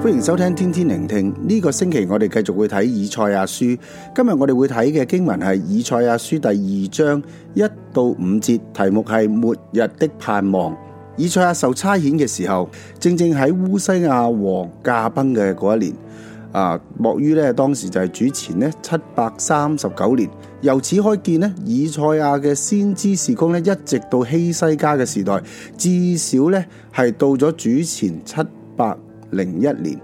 歡迎收聽天天聆聽呢個星期，我哋繼續會睇以賽亞書。今日我哋會睇嘅經文係以賽亞書第二章一到五節，題目係末日的盼望。以賽亞受差遣嘅時候，正正喺烏西亞王駕崩嘅嗰一年啊。莫於咧，當時就係主前呢七百三十九年，由此可見呢。以賽亞嘅先知事工咧，一直到希西家嘅時代，至少咧係到咗主前七百。零一年，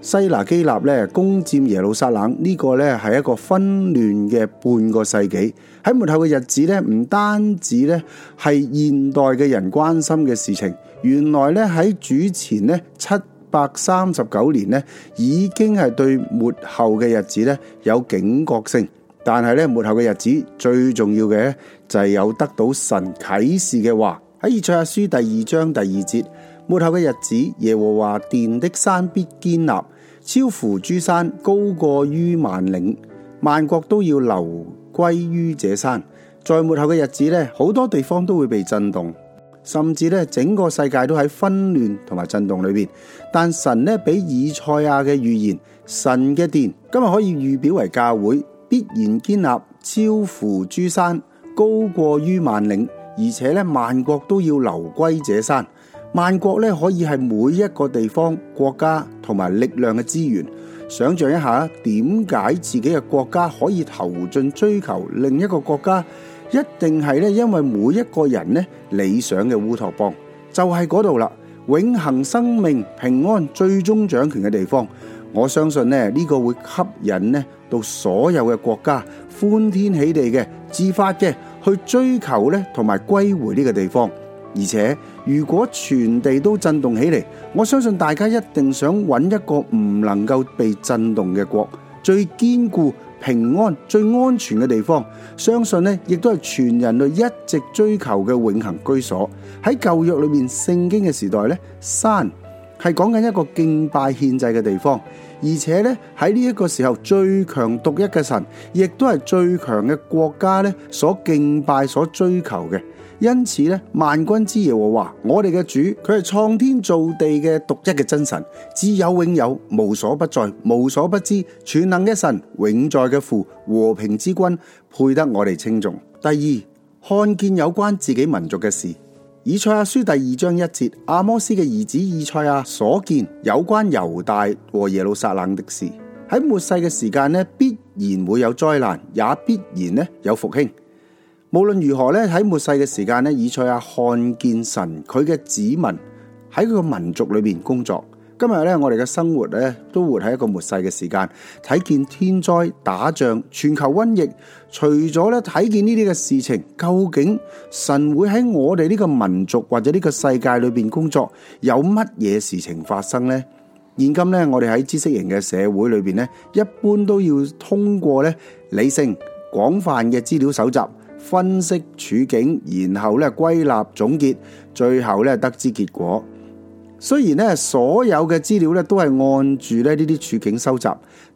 西拿基立咧攻佔耶路撒冷，這個、呢個咧係一個紛亂嘅半個世紀。喺末後嘅日子咧，唔單止咧係現代嘅人關心嘅事情，原來咧喺主前咧七百三十九年咧，已經係對末後嘅日子咧有警覺性。但係咧末後嘅日子最重要嘅就係、是、有得到神啟示嘅話喺以賽亞書第二章第二節。末後嘅日子，耶和華殿的山必堅立，超乎諸山，高過於萬嶺，萬國都要流歸於這山。在末後嘅日子咧，好多地方都會被震動，甚至咧整個世界都喺紛亂同埋震動裏邊。但神咧俾以賽亞嘅預言，神嘅殿今日可以預表為教會，必然堅立，超乎諸山，高過於萬嶺，而且咧萬國都要流歸這山。萬國咧可以係每一個地方國家同埋力量嘅資源，想象一下點解自己嘅國家可以投進追求另一個國家，一定係咧因為每一個人咧理想嘅烏托邦就係嗰度啦，永恒生命、平安、最終掌權嘅地方。我相信咧呢個會吸引咧到所有嘅國家歡天喜地嘅自發嘅去追求咧同埋歸回呢個地方。而且，如果全地都震動起嚟，我相信大家一定想揾一個唔能夠被震動嘅國，最堅固、平安、最安全嘅地方。相信呢亦都係全人類一直追求嘅永恆居所。喺舊約裏面聖經嘅時代呢，山係講緊一個敬拜獻祭嘅地方，而且呢，喺呢一個時候最強獨一嘅神，亦都係最強嘅國家呢所敬拜所追求嘅。因此咧，萬軍之耶和華，我哋嘅主，佢係創天造地嘅獨一嘅真神，自有永有，無所不在，無所不知，全能嘅神，永在嘅父，和平之君，配得我哋稱頌。第二，看見有關自己民族嘅事，以賽亞書第二章一節，亞摩斯嘅兒子以賽亞所見有關猶大和耶路撒冷的事。喺末世嘅時間呢必然會有災難，也必然呢有復興。無論如何咧，喺末世嘅時間咧，以賽亞看見神佢嘅子民喺佢嘅民族裏邊工作。今日咧，我哋嘅生活咧都活喺一個末世嘅時間，睇見天災、打仗、全球瘟疫。除咗咧睇見呢啲嘅事情，究竟神會喺我哋呢個民族或者呢個世界裏邊工作，有乜嘢事情發生呢？現今咧，我哋喺知識型嘅社會裏邊咧，一般都要通過咧理性、廣泛嘅資料搜集。分析處境，然後咧歸納總結，最後咧得知結果。雖然咧所有嘅資料咧都係按住咧呢啲處境收集，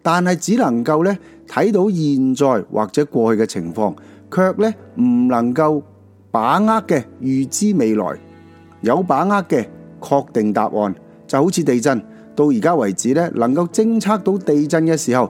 但係只能夠咧睇到現在或者過去嘅情況，卻咧唔能夠把握嘅預知未來，有把握嘅確定答案就好似地震。到而家為止，能夠偵測到地震的時候，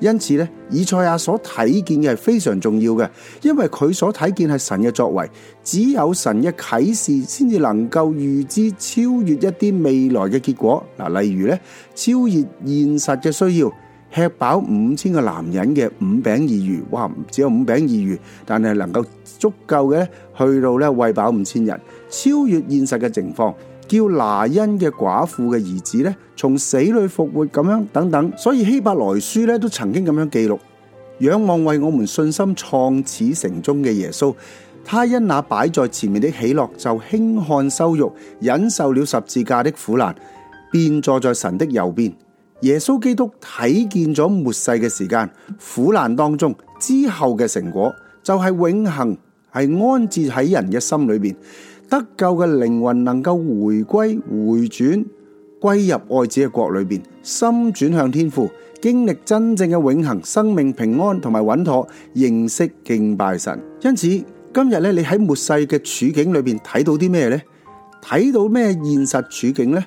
因此咧，以賽亞所睇見嘅係非常重要嘅，因為佢所睇見係神嘅作為，只有神嘅啟示先至能夠預知超越一啲未來嘅結果。嗱，例如咧，超越現實嘅需要，吃飽五千個男人嘅五餅二魚，哇，只有五餅二魚，但係能夠足夠嘅，去到咧餵飽五千人，超越現實嘅情況。叫拿因嘅寡婦嘅兒子咧，從死裏復活咁樣等等，所以希伯來書咧都曾經咁樣記錄。仰望為我們信心創始成終嘅耶穌，他因那擺在前面的喜樂就輕看羞辱，忍受了十字架的苦難，便坐在神的右邊。耶穌基督睇見咗末世嘅時間苦難當中之後嘅成果，就係、是、永恆係安置喺人嘅心裏邊。得救嘅靈魂能夠回歸回轉，歸入愛子嘅國裏邊，心轉向天父，經歷真正嘅永恒生命平安同埋穩妥，認識敬拜神。因此今日呢，你喺末世嘅處境裏邊睇到啲咩呢？睇到咩現實處境呢？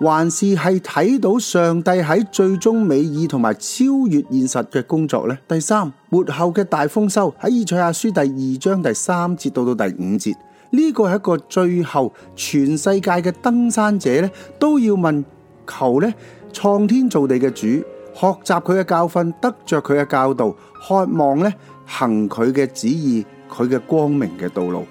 還是係睇到上帝喺最終美意同埋超越現實嘅工作呢？第三，末後嘅大豐收喺以賽亞書第二章第三節到到第五節。呢個係一個最後，全世界嘅登山者咧都要問求咧創天造地嘅主，學習佢嘅教訓，得着佢嘅教導，渴望咧行佢嘅旨意，佢嘅光明嘅道路。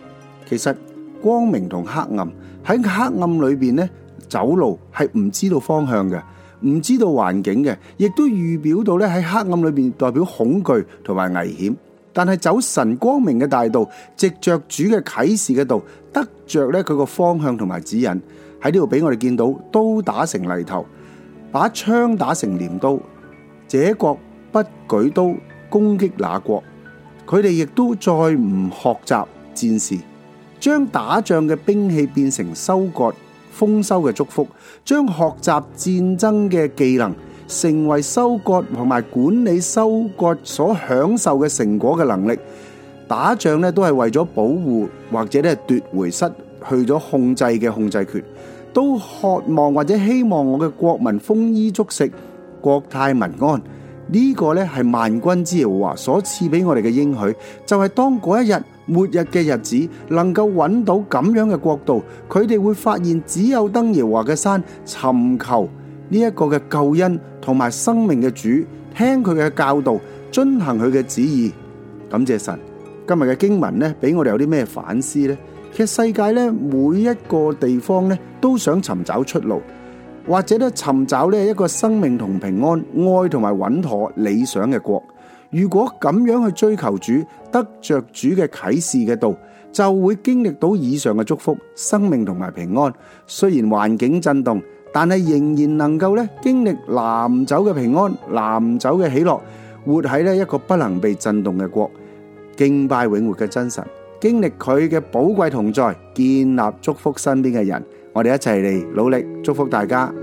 其實光明同黑暗，喺黑暗裏邊咧，走路係唔知道方向嘅，唔知道環境嘅，亦都預表到咧喺黑暗裏邊代表恐懼同埋危險。但係走神光明嘅大道，藉着主嘅啟示嘅道，得着咧佢個方向同埋指引，喺呢度俾我哋見到，刀打成犁頭，把槍打成鐮刀，這國不舉刀攻擊那國，佢哋亦都再唔學習戰事。將打仗嘅兵器變成收割豐收嘅祝福，將學習戰爭嘅技能。成為收割同埋管理收割所享受嘅成果嘅能力，打仗咧都係為咗保護或者咧奪回失去咗控制嘅控制權，都渴望或者希望我嘅國民豐衣足食、國泰民安。呢個咧係萬軍之耶和華所賜俾我哋嘅應許，就係當嗰一日末日嘅日子，能夠揾到咁樣嘅國度，佢哋會發現只有登耶和華嘅山，尋求。呢一個嘅救恩同埋生命嘅主，聽佢嘅教導，遵行佢嘅旨意，感謝神。今日嘅經文呢，俾我哋有啲咩反思呢？其實世界呢每一個地方呢，都想尋找出路，或者呢尋找呢一個生命同平安、愛同埋穩妥、理想嘅國。如果咁樣去追求主，得着主嘅啟示嘅道，就會經歷到以上嘅祝福、生命同埋平安。雖然環境震動。但係仍然能夠咧經歷難走嘅平安，南走嘅喜樂，活喺呢一個不能被震動嘅國，敬拜永活嘅真神，經歷佢嘅寶貴同在，建立祝福身邊嘅人。我哋一齊嚟努力祝福大家。